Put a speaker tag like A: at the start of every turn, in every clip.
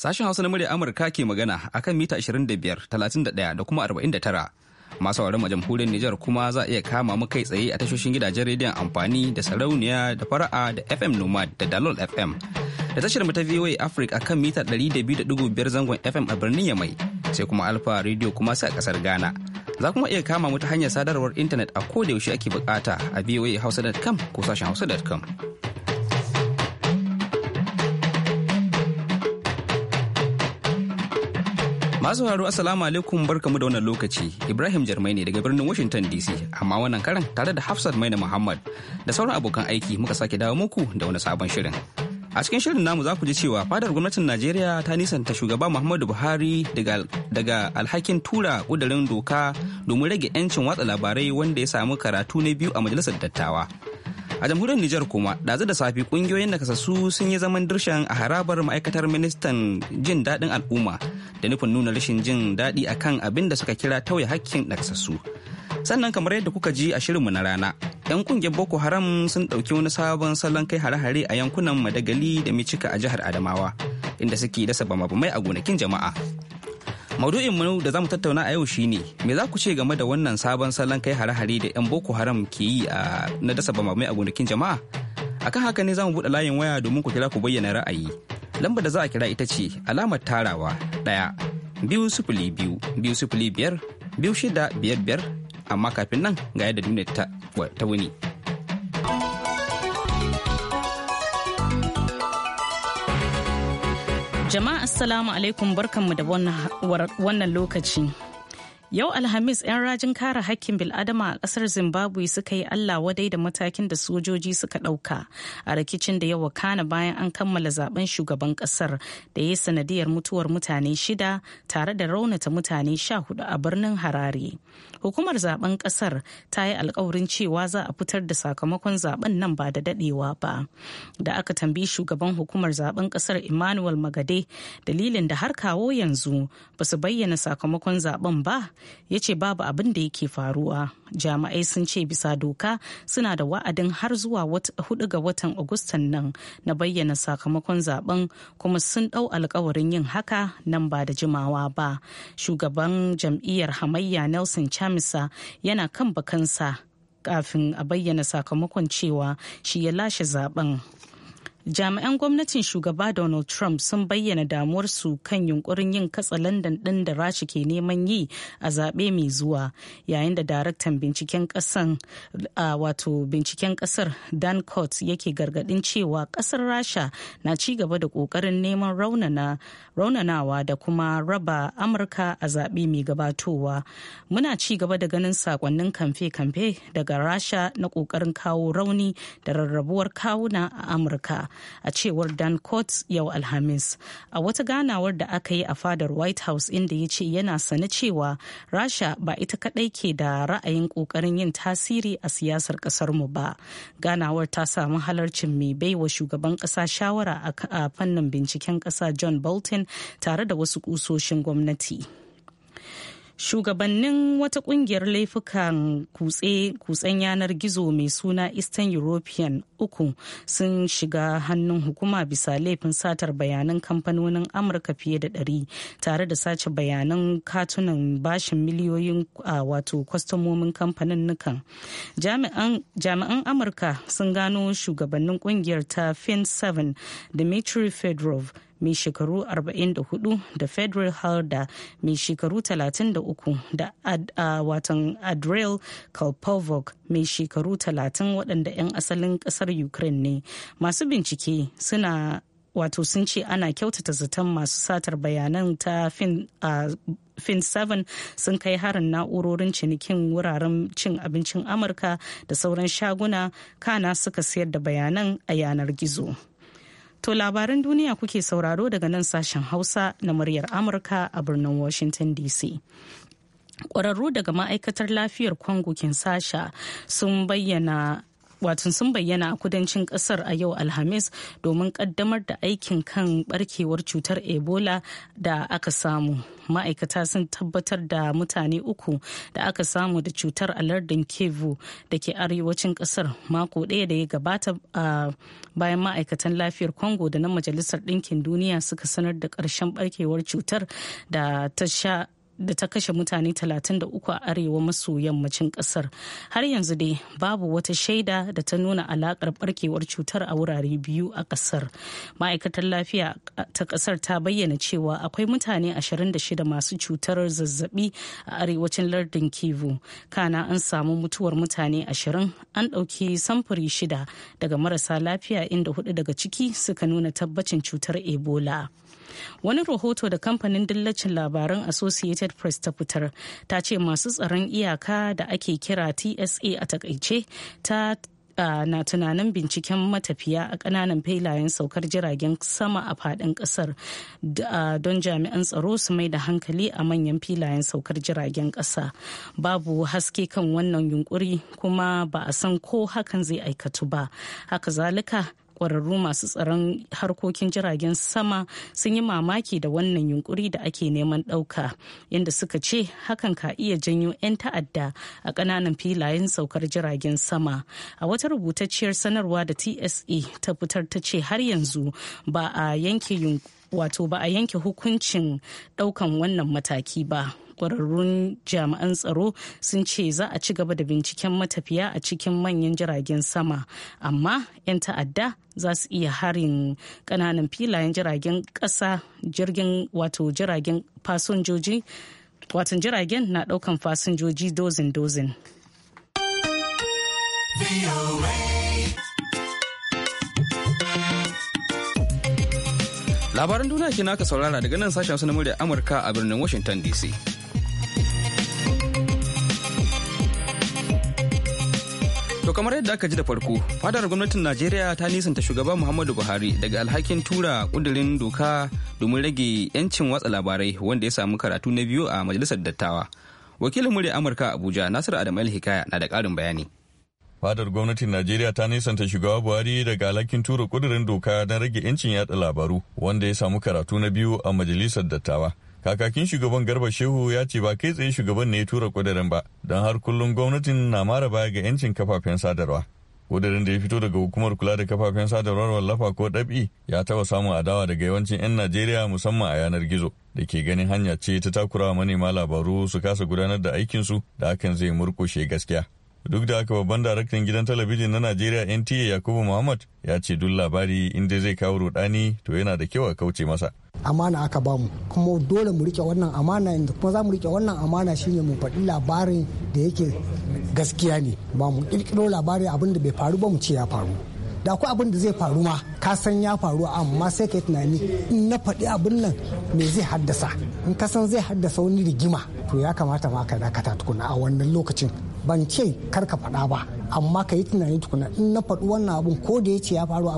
A: Sashen Hausa na murya Amurka ke magana akan mita 25, 31 da kuma 49. Masu sauraron jamhuriyar Nijar kuma za iya kama mu kai tsaye a tashoshin gidajen rediyon amfani da sarauniya da fara'a da FM Nomad da Dalol FM. Da tashar mu ta VOA Africa akan mita 200.5 zangon FM a birnin Yamai sai kuma Alfa Radio kuma sai a kasar Ghana. Za kuma iya kama mu ta hanyar sadarwar intanet a koda yaushe ake bukata a voahausa.com ko sashen hausa.com. Masu haro Assalamu alaikum barkamu da wannan lokaci. Ibrahim Jarmai ne daga birnin Washington DC, amma wannan karan tare da Hafsat Maina Muhammad da sauran abokan aiki muka sake dawo muku da wani sabon shirin. A cikin shirin namu za ku ji cewa fadar gwamnatin Najeriya ta nisanta shugaba Muhammadu Buhari daga alhakin tura kudirin doka domin rage 'yancin watsa labarai wanda ya samu karatu na biyu a majalisar dattawa. a jamhuriyar Nijar kuma ɗazu da safi ƙungiyoyin nakasassu sun yi zaman dirshan a harabar ma'aikatar ministan jin daɗin al'umma da nufin nuna rashin jin daɗi kan abin da suka kira tauye hakkin nakasassu. Sannan kamar yadda kuka ji a shirinmu na rana, 'yan kungiyar Boko Haram sun ɗauki wani sabon salon kai hare-hare a yankunan Madagali da Micika a jihar Adamawa, inda suke dasa bama-bamai a gonakin jama'a. Maudu'in mu da zamu tattauna a yau shine me za ku ce game da wannan sabon salon kai hare-hare da 'yan Boko Haram ke yi a na dasa bamamai a gonakin jama'a? Akan haka ne zamu buɗe layin waya domin ku kira ku bayyana ra'ayi. Lambar da za a kira ita ce alamar tarawa ɗaya biyu sufuli biyu biyu sufuli biyar biyu shida biyar biyar amma kafin nan ga yadda duniya ta wuni.
B: Jama'a assalamu alaikum barkanmu da wannan lokaci. Yau Alhamis 'yan rajin kare hakkin bil'adama a ƙasar Zimbabwe suka yi Allah wadai da matakin da sojoji suka ɗauka a rikicin da yawa kana bayan an kammala zaben shugaban ƙasar da ya sanadiyar mutuwar mutane shida tare da raunata mutane sha hudu a birnin Harare. Hukumar zaben ƙasar ta yi alkawarin cewa za a fitar da sakamakon zaben nan ba da dadewa ba. Da aka tambi shugaban hukumar zaben ƙasar Emmanuel Magade dalilin da har kawo yanzu ba su bayyana sakamakon zaben ba ya ce babu abin da yake faruwa jami'ai sun ce bisa doka suna da wa'adin har zuwa hudu ga watan agustan nan na bayyana sakamakon zaben kuma sun dau alkawarin yin haka nan ba da jimawa ba shugaban jam'iyyar hamayya nelson chamisa yana kan bakansa kafin a bayyana sakamakon cewa shi ya lashe zaben jami'an gwamnatin shugaba donald trump sun bayyana damuwarsu kan yunkurin yin katsa katsalandan ɗin da rashi ke neman yi a zaɓe mai zuwa yayin da daraktan binciken ƙasan wato binciken ƙasar dan court yake gargaɗin cewa ƙasar rasha na ci gaba da ƙoƙarin neman raunanawa da kuma raba amurka a zaɓe mai gabatowa muna ci gaba da ganin sakonnin kamfe-kamfe daga rasha na ƙoƙarin kawo rauni da rarrabuwar kawuna a amurka a cewar dan coats yau alhamis a wata ganawar da aka yi a fadar white house inda ya ce yana sane cewa rasha ba ita kadai ke da ra'ayin kokarin yin tasiri a siyasar kasar mu ba ganawar ta samu halarcin mai baiwa shugaban kasa shawara a fannin binciken kasa john bolton tare da wasu kusoshin gwamnati. shugabannin wata kungiyar laifukan kutsen yanar gizo mai suna eastern european uku sun shiga hannun hukuma bisa laifin satar bayanan kamfanonin amurka fiye da ɗari tare da sace bayanan katunan bashin miliyoyin a wato kwastomomin kamfanin nukan jami'an amurka sun gano shugabannin kungiyar ta fin 7 dimitri fedorov mai shekaru 44 da federal halda mai shekaru 33 da watan adriel kalpovok mai shekaru 30 waɗanda 'yan asalin ƙasar ukraine ne masu bincike suna wato sun ce ana kyautata zaton masu satar bayanan ta fin fin 7 sun kai harin na'urorin cinikin wuraren cin abincin amurka da sauran shaguna kana suka sayar da bayanan a yanar gizo. To labaran duniya kuke sauraro daga nan sashen Hausa na muryar Amurka a birnin Washington DC. Ƙwararru daga ma'aikatar lafiyar Congo sasha sun bayyana watan sun bayyana a kudancin kasar a yau alhamis domin kaddamar da aikin kan barkewar cutar ebola da aka samu ma'aikata sun tabbatar da mutane uku da aka samu da cutar a lardin kevu da ke arewacin kasar mako ɗaya da ya gabata bayan ma'aikatan lafiyar congo da na majalisar ɗinkin duniya suka sanar da ƙarshen barkewar cutar da ta sha da ta kashe mutane 33 a arewa maso yammacin kasar har yanzu dai babu wata shaida da ta nuna alakar barkewar cutar a wurare biyu a kasar ma'aikatar lafiya ta kasar ta bayyana cewa akwai mutane 26 masu cutar zazzabi a arewacin lardin kivu kana an samu mutuwar mutane 20 an ɗauki samfuri shida daga marasa lafiya inda hudu daga ciki suka nuna tabbacin cutar ebola wani rahoto da kamfanin dillacin labaran associated press ta fitar ta ce masu tsaron iyaka da ake kira tsa a takaice ta na tunanin binciken matafiya a kananan filayen saukar jiragen sama a fadin kasar don jami'an tsaro su mai da hankali a manyan filayen saukar jiragen kasa babu haske kan wannan yunkuri kuma ba a san ko hakan zai aikatu ba haka zalika kwararru masu tsaron harkokin jiragen sama sun yi mamaki da wannan yunkuri da ake neman ɗauka inda suka ce hakan ka iya janyo 'yan ta'adda a ƙananan filayen saukar jiragen sama a wata rubutacciyar sanarwa da tsa e ta fitar ta ce har yanzu ba a yanke wato ba a yanke hukuncin ɗaukan wannan mataki ba kwararrun jami'an tsaro sun ce za a ci gaba da binciken matafiya a cikin manyan jiragen sama amma 'yan ta'adda za su iya harin kananan filayen jiragen kasa jirgin wato jiragen fasinjoji wato jiragen na daukan fasinjoji dozin-dozin.
A: labaran duniya ke naka saurara daga nan sashen na murya amurka a birnin washington dc To kamar yadda aka ji da farko, fadar gwamnatin Najeriya ta nisanta shugaba Muhammadu Buhari daga alhakin tura kudirin doka domin rage 'yancin watsa labarai wanda ya samu karatu na biyu a majalisar dattawa. Wakilin murya Amurka Abuja Nasiru Adam Hikaya na da ƙarin bayani.
C: Fadar gwamnatin Najeriya ta nisanta shugaba Buhari daga alhakin tura kudirin doka don rage 'yancin yatsa labaru wanda ya samu karatu na biyu a majalisar dattawa. kakakin shugaban garba shehu ya ce ba kai tsaye shugaban ne ya tura kudirin ba don har kullum gwamnatin na mara baya ga yancin kafafen sadarwa kudirin da ya fito daga hukumar kula da kafafen sadarwar wallafa ko ɗabi ya taɓa samun adawa daga yawancin 'yan najeriya musamman a yanar gizo da ke ganin hanya ce ta takurawa manema labaru su kasa gudanar da aikinsu da hakan zai murkushe gaskiya duk da haka babban daraktan gidan talabijin na najeriya nta yakubu muhammad ya ce duk labari inda zai kawo rudani to yana da kyau a kauce masa
D: amana aka bamu kuma dole mu rike wannan amana inda kuma za mu rike wannan amana shine mu faɗi labarin da yake gaskiya ne ba mu kirkiro labari abin da bai faru ba mu ce ya faru da ku abin da zai faru ma ka san ya faru amma sai ka yi tunani in na faɗi abin nan me zai haddasa in ka san zai haddasa wani rigima to ya kamata ma ka dakata tukuna a wannan lokacin ban ce kar ka faɗa ba amma ka yi tunani tukuna in na faɗi wannan abun ko da ya ce ya faru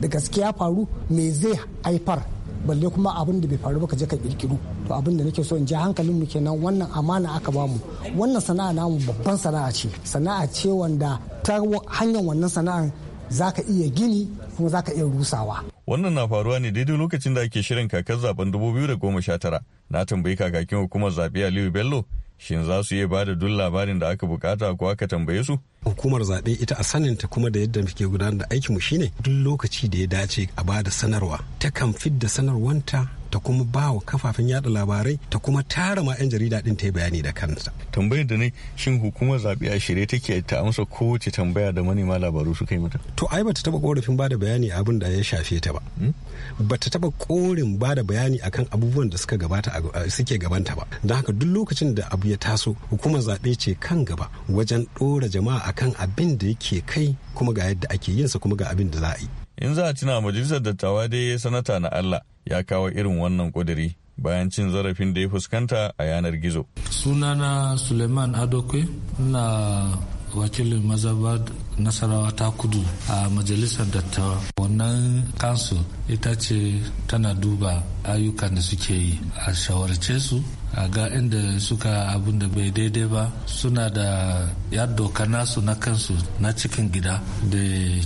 D: da gaske ya faru me zai haifar balle kuma abin da bai faru ba ka je ka kirkiru to abin da nake so in ji hankalin mu kenan wannan amana aka bamu wannan sana'a namu babban sana'a ce sana'a ce wanda ta hanyar wannan sana'a. za ka iya gini kuma za ka iya rusawa.
C: Wannan na faruwa ne daidai lokacin da ake shirin kakar zaben 2019. Na tambayi kakakin hukumar zaɓe Aliyu Bello, shin za su iya ba da duk labarin da aka bukata ko aka tambaye su?
E: hukumar zaɓe ita a saninta kuma da yadda muke gudanar da aikinmu shine duk lokaci da ya dace a ba da sanarwa takan fidda sanarwanta ta kuma ba wa kafafen yada labarai ta kuma
C: tara ma 'yan jarida din ta yi bayani da kanta tambayar da ne shin hukumar zaɓe a shirye take ta amsa kowace tambaya da manema labaru su yi mata. to ai bata taba korafin ba da bayani a abin da ya shafe
E: ta ba hmm? bata taba korin ba da bayani akan abubuwan da suka gabata suke gabanta ba don haka duk lokacin da abu ya taso hukumar zaɓe ce kan gaba wajen ɗora jama'a akan abin da yake kai kuma ga yadda ake yinsa kuma ga abin da za a yi
C: in za a tuna majalisar dattawa dai sanata na allah ya kawo irin wannan ƙudiri bayan cin zarafin da ya fuskanta a yanar gizo
F: sunana suleiman adokwe na wakilin mazaba nasarawa ta kudu a majalisar dattawa wannan kansu ita ce tana duba ayyukan da suke yi a shawarce su a ga inda suka abin da bai daidai ba suna da ya doka nasu na kansu na cikin gida da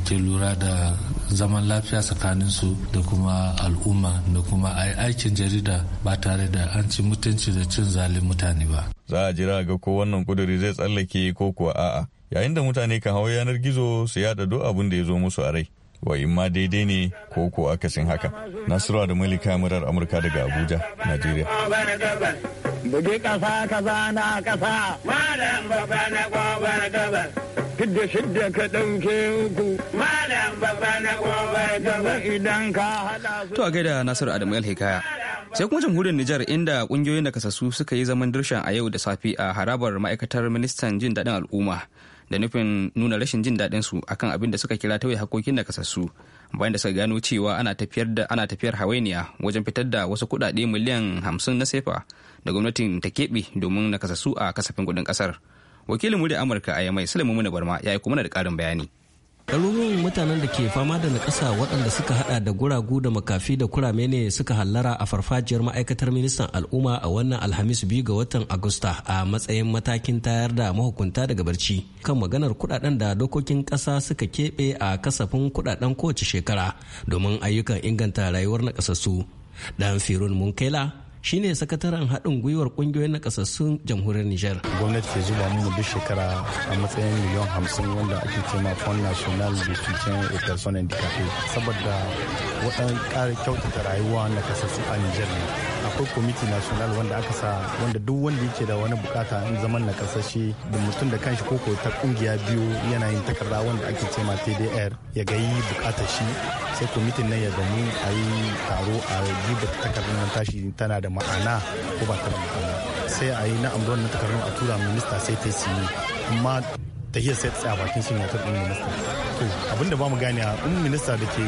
F: ke lura da zaman lafiya tsakaninsu da kuma al'umma da kuma aikin jarida ba tare da an ci mutunci
G: da cin zalin mutane ba
C: za a jira ga ko wannan kuduri zai tsallake ko kuwa a'a yayin da mutane kan hau yanar gizo su yada duk abin da ya zo musu a rai wa ma daidai ne ko ko akasin haka nasiru da malika murar amurka daga abuja najeriya
H: ka malam to
A: a gaida nasiru adamu hikaya sai kuma jamhuriyar Nijar inda kungiyoyin nakasassu suka yi zaman dirshan a yau da safi a harabar ma'aikatar ministan jin daɗin al'umma da nufin nuna rashin jin daɗin su akan abin da suka kira tauye hakokin kasassu bayan da suka gano cewa ana tafiyar da ana tafiyar hawainiya wajen fitar da wasu kuɗaɗe miliyan hamsin na sefa da gwamnatin ta keɓe domin na kasassu a kasafin kuɗin ƙasar wakilin murya amurka a yamai sulaimu muna barma ya yi kuma da ƙarin bayani
E: ɗaruruwan mutanen da ke fama da nakasa waɗanda suka hada da guragu da makafi da kurame ne suka hallara a farfajiyar ma'aikatar ministan al'umma a wannan alhamis biyu ga watan agusta a matsayin matakin tayar da mahukunta daga barci kan maganar kudaden da dokokin ƙasa suka keɓe a kasafin kudaden kowace shekara domin ayyukan inganta rayuwar nakasassu dan firun munkaila shine sakataren haɗin gwiwar ƙungiyoyin nakasassun jamhuriyar Nijar. Gwamnati ke zuba mu duk shekara a matsayin miliyan hamsin wanda ake cema Fond National de Soutien aux Personnes Handicapées saboda
G: waɗannan ƙara kyautata rayuwa nakasassu a Nijar ne. akwai kwamiti national wanda aka sa wanda duk wanda yake da wani bukata in zaman na kasashe da mutum da kanshi koko ta kungiya biyu yana yin takarda wanda ake ce ma tdr ya ga yi bukatar shi sai kwamitin nan ya gamu a yi taro a duba takardar nan tashi tana da ma'ana ko ba ta da ma'ana sai a yi na amuran na takardar a tura minista sai ta siyi amma tahiyar sai tsaya bakin shi ne ɗin minista to abinda ba mu gane a in minista da ke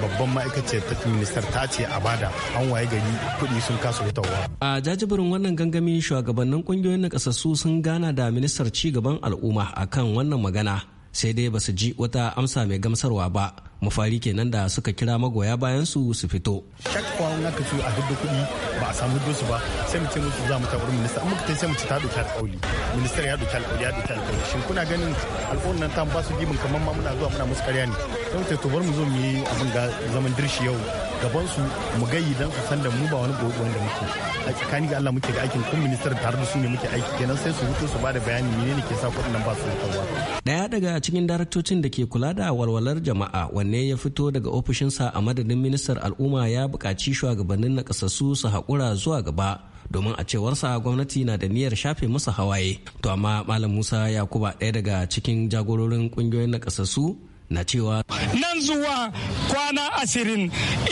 G: babban ma'aikaciyar ta ministar ta ce a bada an waye gari kuɗi sun kasa hutawa
E: a jajibirin wannan gangami shugabannin ƙungiyoyin nakasassu sun gana da ministar ci gaban al'umma akan wannan magana sai dai ba su ji wata amsa mai gamsarwa ba mafari kenan da suka kira magoya bayan su su fito
G: shakwa wani aka ce a hudu kuɗi ba a samu hudu su ba sai mu ce musu za mu taɓa minista amma muka sai mu ci ta ɗauki alƙawli ministan ya ɗauki alƙawli ya ɗauki alƙawli shin kuna ganin alƙawarin nan ta ba su gibin kamar ma muna zuwa muna musu ƙarya ne sai mu ce to bar mu zo mu yi abin ga zaman dirshi yau gaban su mu gayi dan su san da mu ba wani gobe wanda muke a tsakani ga Allah muke da aikin kun ministar tare da su ne muke aiki kenan sai su fito su ba da bayani menene ke sa kuɗin nan ba su wutarwa
E: daya daga cikin daraktocin da ke kula da walwalar jama'a wanne ne ya fito daga ofishinsa a madadin ministar al'umma ya buƙaci shugabannin nakasassu su haƙura zuwa gaba domin a cewarsa gwamnati na da niyyar shafe musu hawaye to amma malam musa yakuba ɗaya daga cikin jagororin ƙungiyoyin nakasassu na cewa nan zuwa kwana asirin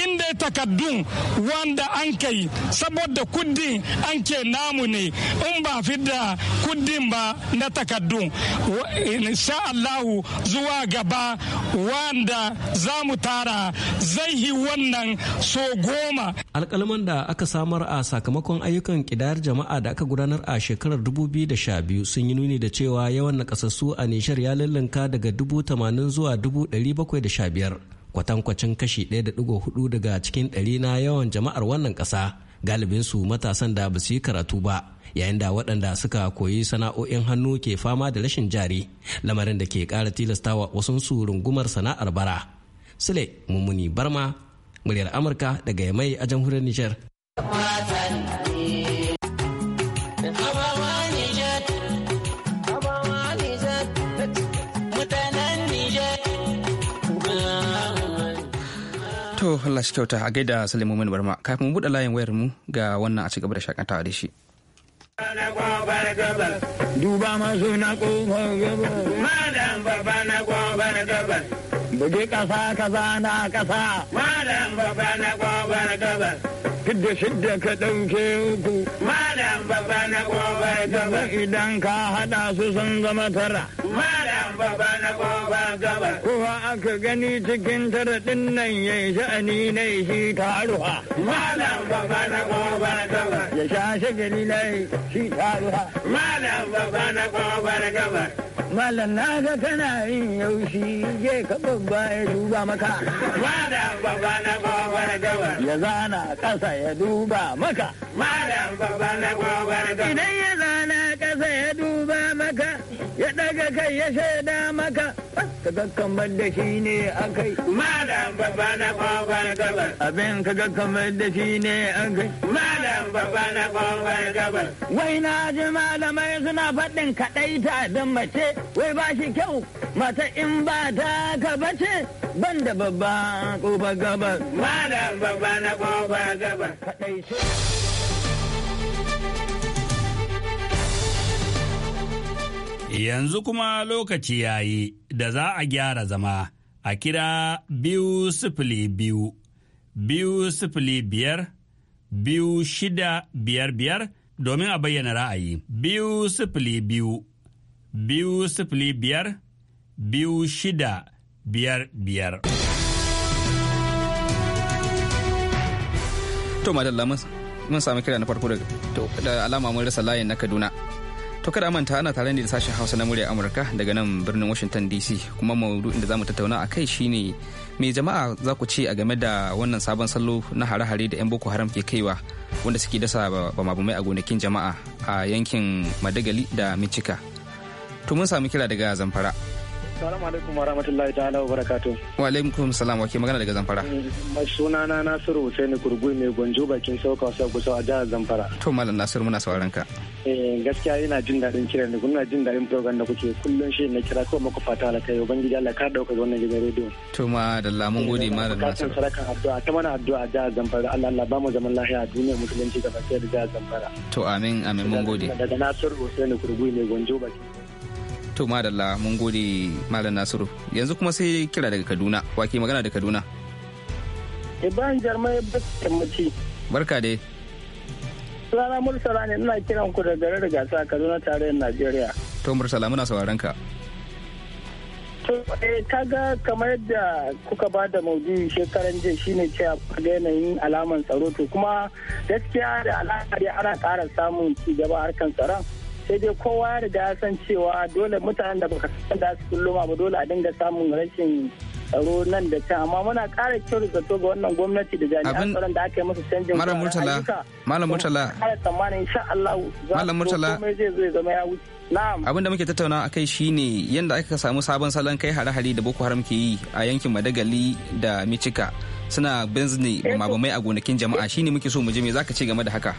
D: inda takaddun wanda an kai saboda kuddin an ke namu ne in ba fidda kuddin ba na takaddun insha Allahu zuwa gaba wanda za mu tara zai yi wannan so goma
E: alkalman da aka samar a sakamakon ayyukan kidayar jama'a da aka gudanar a shekarar 2012 sun yi nuni da cewa yawan nakasassu a nishar ya lallanka daga 80,000 zuwa 715 kwatankwacin kashi 1.4 daga cikin ɗari na yawan jama'ar wannan ƙasa galibin su matasan da ba su yi karatu ba yayin da waɗanda suka koyi sana'o'in hannu ke fama da rashin jari lamarin da ke ƙara tilastawa wasu su rungumar sana'ar bara sule mummuni barma muryar amurka daga yamai a jamhuriyar nijar
A: To Allah shi kyauta a gaida Salimu Mani Barma kafin mu buɗe layin wayar mu ga wannan a ci gaba da shakatawa da shi.
H: Duba masu na kofar gaba madan baba na kofar gaba Buge kasa kasa na kasa. madan baba na kofar gaba fidda shidda ka ɗauke ku. Malam baba na koba gaba. Idan ka haɗa su sun zama tara. Malam baba na koba gaba. Kowa aka gani cikin tara ɗin nan ya yi sha'ani na shi taruwa. Malam baba na koba gaba. Ya sha shagali na shi taruwa. Malam baba na koba gaba. malam na ga kana yin yaushi je ka babba ya duba maka malam babba na gwagwar gawar ya zana kasa ya duba maka malam babba na gwagwar gawar idan ya zana kasa ya duba maka ya daga kai ya shaida maka kaga kamar da shi ne akai malam baba na kofar gabar abin kaga kamar da shi ne akai malam baba na kofar gabar wai na ji malamai suna faɗin ta da mace wai ba shi kyau mata in ba ta ka bace ban da babba ba gabar malam baba na kofar gabar ce.
D: Yanzu kuma lokaci ya yi da za a gyara zama a kira biyu sifili biyu, biyu sifili biyar, biyu shida biyar biyar domin a bayyana ra'ayi. Biyu sifili biyu, biyu sifili biyar, biyu shida biyar biyar.
A: To, madalla mun sami kira na farko da alama mun rasa layin na Kaduna. To kada manta ana tare da sashen Hausa na murya Amurka daga nan birnin Washington DC kuma maudu'in da zamu tattauna a kai shine me jama'a za ku ce a game da wannan sabon salo na hare-hare da 'yan Boko Haram ke kaiwa wanda suke dasa bamabumai a gonakin jama'a a yankin Madagali da Michika. To mun sami kira daga Zamfara.
D: Salamu alaikum wa rahmatullahi ta'ala wa barakatu.
A: Wa alaikum salam wa ke magana daga Zamfara.
D: Mm, Suna na Nasiru Hussaini Kurgui mai gwanjo bakin sauka wasa a jihar Zamfara.
A: To Malam Nasiru muna sauraron ka.
D: Eh, gaskiya yana jin daɗin kiran da kuma jin daɗin program da kuke kullum shi na kira ko muku fata alakai da Allah ka dauka wannan gidan rediyo
A: to ma da lamun gode eh, ma da nasu sarakan
D: addu'a ta mana addu'a da zamfara Allah Allah ba mu zaman lafiya a duniya musulunci gaba sai da zamfara
A: to amin amin mun gode daga
D: Nasiru ne kurgu ne Gonjo baki
A: to ma da mun gode malam Nasiru yanzu kuma sai kira daga Kaduna wake magana da Kaduna
D: Ibrahim Jarmai Bakamaci barka dai Sunana Murtala ne ina kiran ku da garin Rigasa Kaduna tarayyar Najeriya.
A: To Murtala muna sauraron ka.
D: To eh kaga kamar yadda kuka ba da maudu'i shekaran jiya shine cewa a yanayin alaman tsaro to kuma gaskiya da al'amari ana ƙara samun ci gaba harkan tsaron. sai dai kowa ya riga ya san cewa dole mutanen da baka san da su kullum ba dole a dinga samun rashin tsaro nan da can amma muna ƙara kyau zato ga wannan gwamnati da jami'an tsaron da aka yi masa canjin malam murtala malam murtala kara tsammanin insha Allah malam murtala komai zai zo ya zama ya wuce na'am
A: abin da muke tattauna a kai shine yadda aka samu sabon salon kai hare-hare da Boko Haram ke yi a yankin Madagali da Michika suna benzine eh mabamai a gonakin jama'a shine muke so mu je me zaka ce game da haka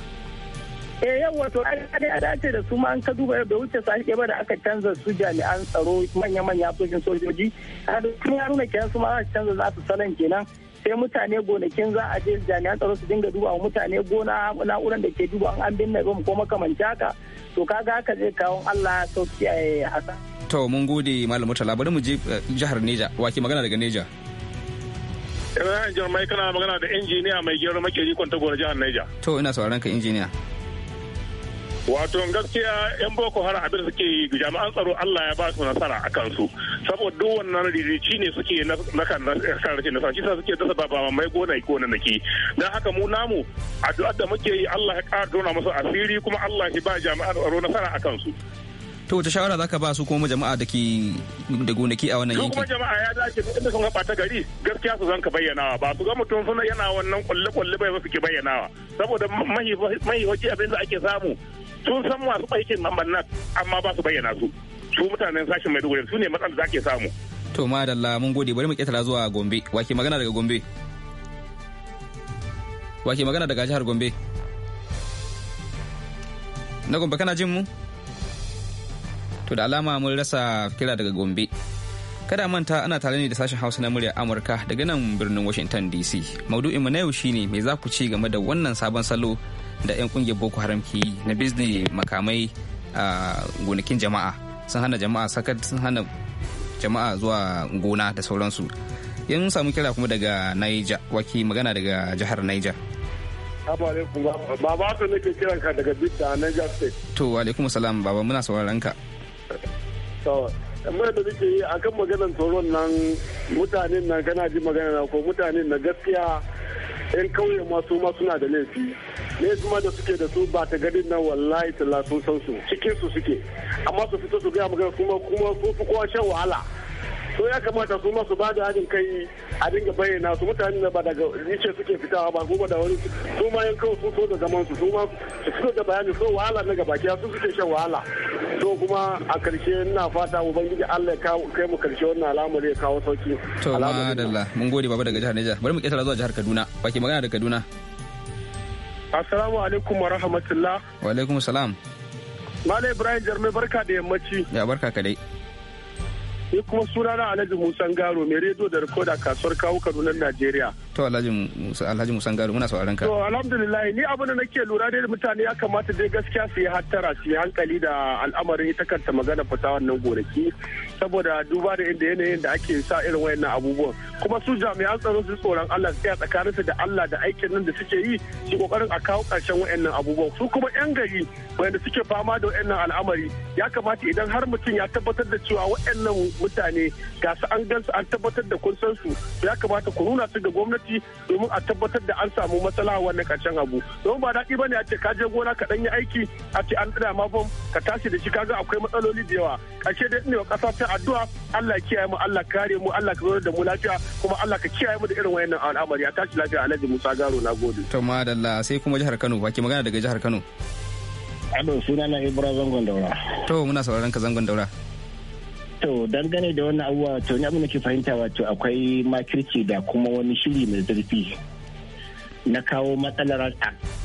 D: eh yawa to ai a dace da su ma an ka duba da wuce sa shi ba da aka canza su jami'an tsaro manya-manya sojin sojoji a dukkan ya nuna kenan su ma za su canza za su salon kenan sai mutane gonakin za a je jami'an tsaro su dinga duba mutane gona na'urar da ke duba an binne bom ko makamanta ka to kaga haka zai kawo Allah sauki a hasa.
A: To mun gode Malam Murtala bari mu je eh, jihar Neja wake magana daga Neja.
D: Ibrahim Jarmai kana
F: magana da injiniya mai gero makeri kwanta gora jihar Neja.
A: To ina sauraron ka injiniya.
F: wato gaskiya yan boko har abin suke yi jami'an tsaro Allah ya ba su nasara a kansu saboda duk wannan ririci ne suke na kan rashin nasara shi sa suke dasa baba mai gona gonanaki dan haka mu namu addu'ar da muke yi Allah ya ƙara dona musu asiri kuma Allah ya ba jami'an tsaro nasara a kansu
A: to wata shawara zaka ba su kuma jama'a da ke da gonaki a wannan yankin kuma
F: jama'a ya dace inda sun haɓa ta gari gaskiya su zanka bayyanawa ba su ga mutum suna yana wannan kulle kulle bai suke bayyanawa saboda mahi abin da ake samu sun san masu aikin nan amma ba su bayyana su su mutanen sashen maiduguri su ne matsalar da zake samu
A: to madalla mun gode bari mu ketara zuwa gombe wake magana daga gombe wake magana daga jihar gombe na gombe kana jin mu to da alama mun rasa kira daga gombe kada manta ana tare ne da sashen hausa na murya amurka daga nan birnin washington dc maudu'inmu na yau shine me za ku ci game da wannan sabon salo da 'yan kungiyar boko haram ke yi na bizne makamai a gonakin jama'a sun hana jama'a sakat sun hana jama'a zuwa gona da sauransu yan samu kira kuma daga naija waki magana daga jihar naija
F: baba ka nake kiran ka daga a naija state
A: to alaikum salam baba muna sauraron ka
F: amma da nake yi a kan maganar tsoron nan mutanen nan kana ji magana ko mutanen na gaskiya yan kauye masu ma suna da laifi ne kuma da suke da su ba ta gadin nan wallahi talla sun san su cikin su suke amma su fito su gaya magana kuma kuma su fi kowa shan wahala so ya kamata su masu ba da haɗin kai a dinga bayyana su mutane da ba daga nice suke fitawa ba kuma da wani su ma yan kawo su so da zaman su su ma su fito da bayani so wahala na gaba su suke shan wahala so kuma a karshe ina fata ubangiji Allah ya kai mu karshe wannan al'amari ya kawo sauki
A: to madalla mun gode baba daga jihar Niger bari mu ketara zuwa jihar Kaduna baki magana da Kaduna
F: Assalamu alaikum wa rahmatullah.
A: Wa alaikum salam.
F: Mala Ibrahim Jarmai barka da yammaci.
A: Ya barka ka dai.
F: Ni kuma sunana Alhaji Musan Garo mai rediyo da rikoda kasuwar kawo Kaduna Najeriya.
A: To Alhaji Musa Musan Garo muna sauraron ka. To
F: alhamdulillah ni abin da nake lura da mutane ya kamata dai gaskiya su yi hattara su yi hankali da al'amarin ita kanta magana fita wannan gonaki saboda duba da inda yanayin da ake sa irin wayannan abubuwan kuma su jami'an tsaro su tsoron Allah tsaya tsakaninsu da Allah da aikin nan da suke yi su kokarin a kawo karshen wayannan abubuwan su kuma yan gari wayanda suke fama da wayannan al'amari ya kamata idan har mutum ya tabbatar da cewa wayannan mutane ga su an gansu an tabbatar da kun san su ya kamata ku nuna su ga gwamnati domin a tabbatar da an samu matsala wannan karshen abu don ba daɗi bane a ce ka je gona ka ya aiki a ce an tsira ma bom ka tashi da shi kaga akwai matsaloli da yawa ƙarshe dai ne wa ƙasa ta addu'a Allah kiyaye mu Allah kare mu Allah ka zo da mu lafiya kuma Allah ka kiyaye mu da irin wayannan al'amari a tashi
A: lafiya Alhaji Musa Garo na gode to madalla sai kuma jihar Kano baki magana daga jihar Kano
D: Ado suna na Ibra Zangon Daura
A: to muna sauraron ka Zangon Daura
D: to dangane da wannan abubuwa to ni abin da ke fahimta wato akwai makirci da kuma wani shiri mai zurfi na kawo matsalar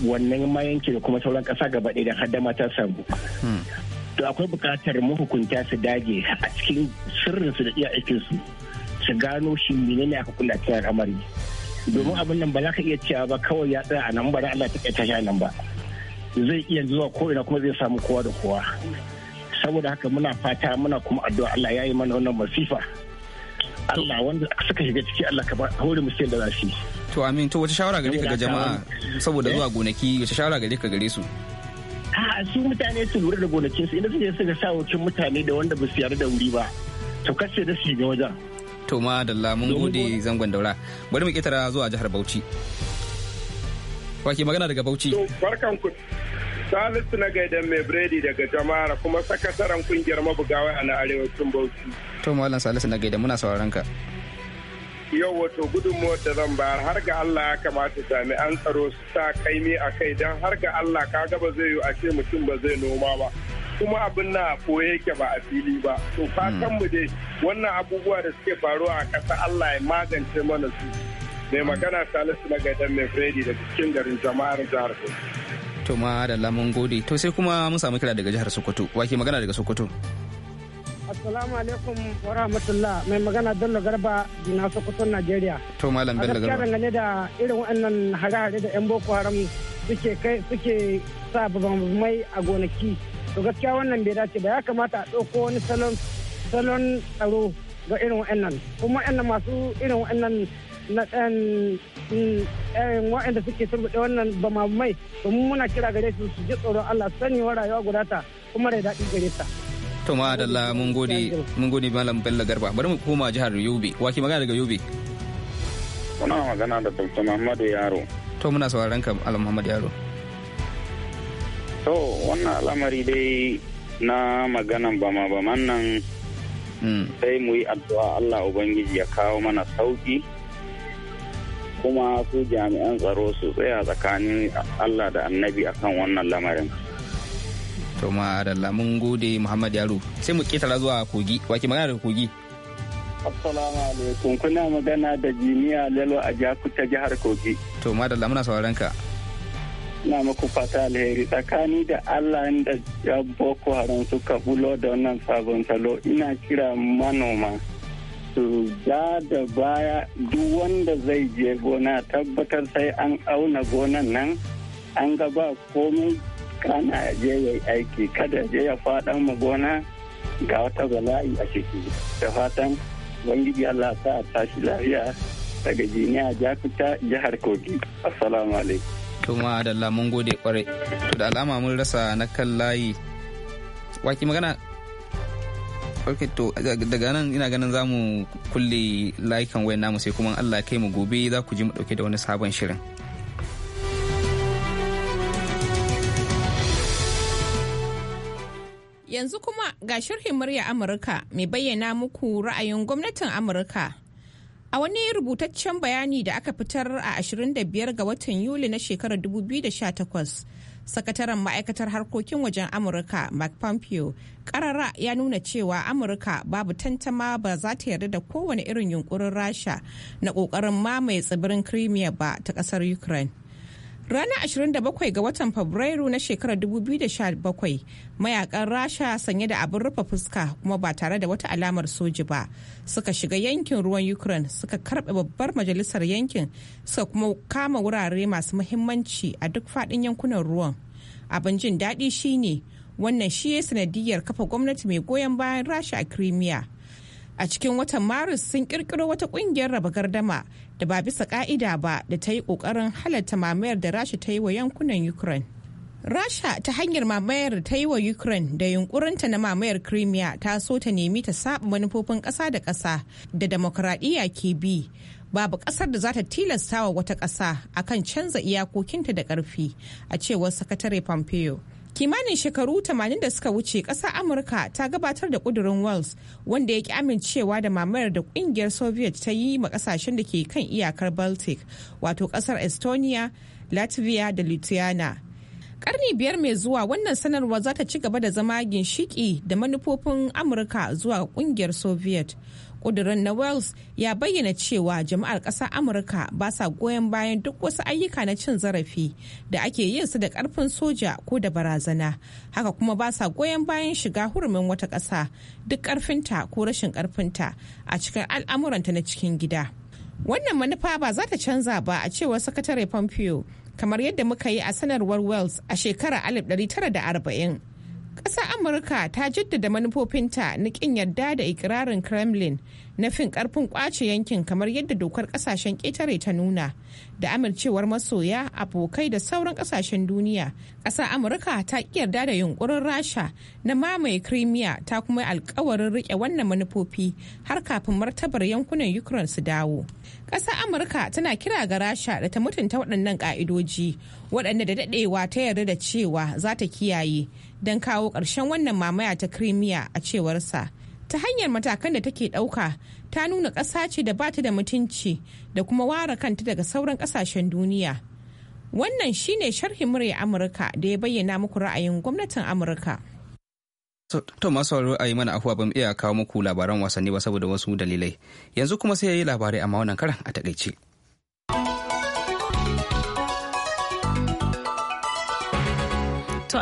D: wannan mayanki da kuma sauran kasa gaba ɗaya don har da mata samu hmm. to akwai buƙatar mahukunta su dage a cikin sirrinsu da iya aikin su su gano shi menene aka kula ta al'amari domin abin nan ba za ka iya cewa ba kawai ya tsaya a nan ba Allah ta kaita shi nan ba zai iya zuwa ko ina kuma zai samu kowa da kowa saboda haka muna fata muna kuma addu'a Allah ya yi mana wannan masifa Allah wanda suka shiga ciki Allah ka hore mu da zasu to
A: amin to wata shawara gare ka ga jama'a saboda zuwa gonaki wata shawara gare ka gare su
D: a su mutane su lura da gonakinsu inda suke suka sa wakin mutane da wanda ba su yarda da wuri ba to kace da su ga wajen
A: to ma da lamun gode zangon daura bari mu kitara zuwa jihar Bauchi wake magana daga Bauchi to barkan ku Salisu na
F: gaidan mai biredi daga Jamara kuma sakataren kungiyar mabugawa a na arewacin Bauchi
A: to mallam Salisu na gaidan muna sauraron ka
F: yau wato gudunmuwar da zan bayar har ga Allah ya kamata jami'an tsaro su sa kaimi a kai don har ga Allah ka gaba zai yi a ce mutum ba zai noma ba kuma abin na koye yake ba a fili ba to hmm. fatan mu dai wannan abubuwa da suke faruwa a ƙasa Allah ya magance mana su mai magana Salisu na gaidan mai Fredi da cikin garin jama'ar jihar Sokoto
A: to ma da lamun gode to sai kuma mun samu kira daga jihar Sokoto ke magana daga Sokoto
D: Assalamu alaikum wa rahmatullah mai magana Bello Garba Dina Sokoto Najeriya.
A: To Malam Bello Garba. A
D: dangane da irin waɗannan hare-hare da 'yan Boko Haram suke kai suke sa mai a gonaki. To gaskiya wannan bai dace ba ya kamata a ɗauko wani salon salon tsaro ga irin waɗannan. Kuma waɗannan masu irin waɗannan na ɗan waɗanda suke turbuɗe wannan bama mai domin muna kira gare su su ji tsoron Allah sani wa rayuwa guda ta kuma rai daɗi gare ta.
A: to madalla mun gode mun gode malam bello garba bari mu koma jihar yobe waki magana daga yobe kuna magana da dr
D: muhammadu yaro
A: to muna sauraron ka alam muhammad yaro
D: to wannan al'amari dai na maganan bama ba nan hmm. sai mu yi addu'a allah ubangiji ya kawo mana sauki kuma su jami'an tsaro su tsaya tsakanin allah da annabi akan wannan lamarin
A: to ma da lamun gode muhammad yaro sai mu ketara zuwa kogi wake magana da kogi
D: assalamu alaikum kuna magana da jiniya lalo a jakuta jihar kogi
A: to ma da lamuna sauran ka
D: na muku fata alheri tsakani da allah da ya boko haram suka bulo da wannan sabon salo ina kira manoma su ja da baya duk wanda zai je gona tabbatar sai an auna gonan nan an gaba komai kana je ya yi aiki kada je ya faɗa mu gona ga wata bala'i a ciki da fatan wangiji allah sa a tashi lafiya daga jiniya jakuta jihar kogi assalamu alaikum
A: tuma da lamun gode kwarai to da alama mun rasa na kan layi waki magana ok to daga nan ina ganin za mu kulle layukan wayan namu sai kuma allah kai mu gobe za ku ji mu dauke da wani sabon shirin
I: Yanzu kuma ga sharhin murya Amurka mai bayyana muku ra'ayin gwamnatin Amurka. A wani rubutaccen bayani da aka fitar a 25 ga watan Yuli na shekarar 2018, sakataren ma'aikatar harkokin wajen Amurka Mark Pompeo karara ya nuna cewa Amurka babu tantama ba za ta yarda da kowane irin yunkurin Rasha na kokarin mamaye tsibirin Crimea ba ta kasar Ukraine. Ranar 27 ga watan Fabrairu na shekarar 2017 mayakan Rasha sanye da abin rufe fuska kuma ba tare da wata alamar soji ba suka shiga yankin ruwan Ukraine suka karbe babbar majalisar yankin suka kuma kama wurare masu muhimmanci a duk fadin yankunan ruwan. Abin jin daɗi shine wannan shi ya sanadiyar kafa gwamnati mai goyon bayan Rasha a Crimea. A cikin watan Maris sun kirkiro wata ƙungiyar raba gardama da ba bisa ka'ida ba da ta yi kokarin halarta mamayar da rasha ta yi wa yankunan ukraine rasha ta hanyar mamayar da ta yi wa ukraine da yunkurinta na mamayar crimea ta so ta nemi ta saba manufofin ƙasa da ƙasa da demokuraɗiyya ke bi babu ƙasar da za ta tilasta wa wata ƙasa akan canza iyakokinta da ƙarfi a cewar sakatare pompeo kimanin shekaru 80 da suka wuce ƙasar amurka ta gabatar da ƙudurin wales wanda ya ki amincewa da mamayar da ƙungiyar soviet ta yi ma ƙasashen da ke kan iyakar baltic wato ƙasar estonia latvia da lithuania ƙarni biyar mai zuwa wannan sanarwa za ta ci gaba da zama ginshiki da manufofin amurka zuwa ƙungiyar soviet kudirin na wales ya bayyana cewa jama'ar ƙasar Amurka ba sa goyon bayan duk wasu ayyuka na cin zarafi da ake yin su da karfin soja ko da barazana. Haka kuma ba sa goyon bayan shiga hurumin wata ƙasa duk ƙarfinta ko rashin ƙarfinta a cikin al'amuranta na cikin gida. Wannan manufa ba za ta canza ba a cewar Sakatare Pompeo kamar yadda muka yi a sanarwar wales a shekarar 1940 Ƙasar Amurka ta jaddada manufofinta na ƙin yarda da ikirarin Kremlin na fin ƙarfin ƙwace yankin kamar yadda dokar ƙasashen ƙetare ta nuna da amincewar masoya, abokai da sauran ƙasashen duniya. Ƙasar Amurka ta ƙi yarda da yunƙurin Rasha na mamaye Crimea ta kuma alƙawarin riƙe wannan manufofi har kafin martabar yankunan Ukraine su dawo. Ƙasar Amurka tana kira ga Rasha da ta mutunta waɗannan ƙa'idoji waɗanda da daɗewa ta yarda da cewa za ta kiyaye. don kawo ƙarshen wannan mamaya ta Crimea a cewarsa. Ta hanyar matakan da take ɗauka ta nuna ƙasa ce da bata da mutunci da kuma ware kanta daga sauran ƙasashen duniya. Wannan shine sharhin murya Amurka da ya bayyana muku ra'ayin gwamnatin Amurka.
A: To masu a mana afuwa ban iya kawo muku labaran wasanni ba saboda wasu dalilai. Yanzu kuma sai ya yi labarai amma wannan karan a takaice.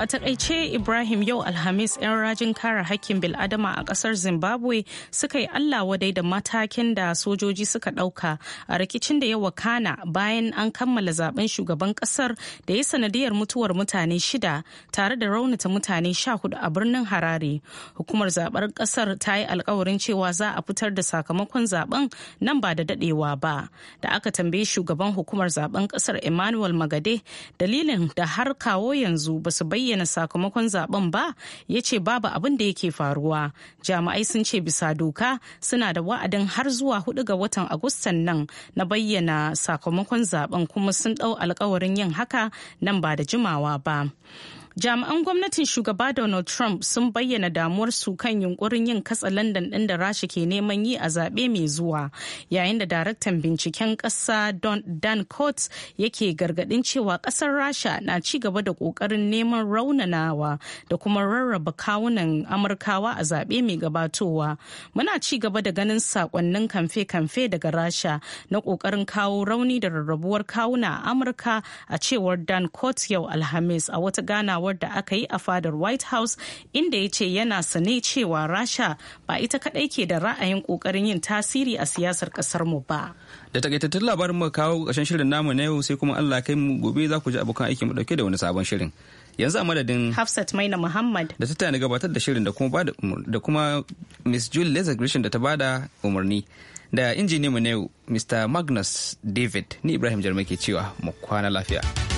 B: a takaice Ibrahim yau Alhamis 'yan rajin kare hakkin bil'adama a kasar Zimbabwe suka yi Allah wadai da matakin da sojoji suka ɗauka a rikicin da ya wakana bayan an kammala zaben shugaban kasar da ya sanadiyar mutuwar mutane shida tare da raunata mutane sha hudu a birnin Harare. Hukumar zaɓar kasar ta yi alkawarin cewa za a fitar da sakamakon zaben nan ba da dadewa ba. Da aka tambaye shugaban hukumar zaben kasar Emmanuel Magade dalilin da har kawo yanzu ba su bayyana bayyana sakamakon zaben ba ya ce babu abin da yake faruwa jami'ai sun ce bisa doka suna da wa'adin har zuwa hudu ga watan agustan nan na bayyana sakamakon zaben kuma sun dau alkawarin yin haka nan ba da jimawa ba Jami'an gwamnatin shugaba Donald Trump sun bayyana damuwarsu kan yunkurin yin katsa London ɗin da Rasha ke neman yi a zaɓe mai zuwa, yayin da daraktan binciken ƙasa Dan Coates yake gargaɗin cewa ƙasar Rasha na ci gaba da ƙoƙarin neman raunanawa da kuma rarraba kawunan Amurkawa a zaɓe mai gabatowa. Muna ci gaba da ganin saƙonnin kamfe-kamfe daga Rasha na ƙoƙarin kawo rauni da rarrabuwar kawuna a Amurka a cewar Dan Coates yau Alhamis a wata ganawa ganawar da aka yi a fadar white house inda ya ce yana sane cewa rasha ba ita kadai ke da ra'ayin kokarin yin tasiri a siyasar kasar mu ba
A: da takaitattun labarin mu kawo ƙarshen shirin namu na yau sai kuma allah kai mu gobe za ku ji abokan aikin mu dauke da wani sabon shirin yanzu a madadin
B: hafsat maina muhammad
A: da ta tana gabatar da shirin da kuma da kuma miss julie lezard da ta bada umarni da injiniyan mu na yau mr magnus david ni ibrahim jarmai ke cewa mu kwana lafiya